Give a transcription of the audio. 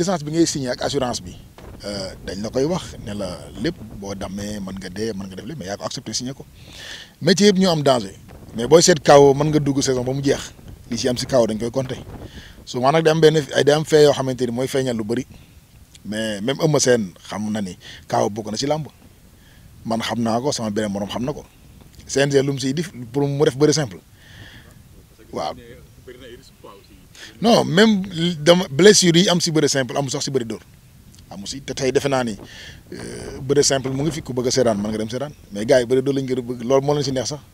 licence bi ngay signé ak assurance bi eh, dañ la koy wax ne la lépp boo dammee mën nga dee mën nga def lépp mais yaa ko signé ko métier yëpp ñoo am danger mais booy seet kaw mën nga dugg saison ba mu jeex li si am si kaw dañ koy compter souvent nag day am benn ay day am fee yoo xamante ni mooy feeñal lu bëri mais même Eumeu Sène xam na ni kaw bokk na si lambu. man xam naa ko sama beneen moroom xam na ko CNG lu mu siy dif pour mu def bëri simple waaw non même dama blessure yi am si bëri simple amu sax si bëri dóor amu si te tey defe ni euh, bëri simple mu ngi fi ku bëgg a seetaan man nga dem seetaan mais gars yi bëri loolu moo leen si neex sax.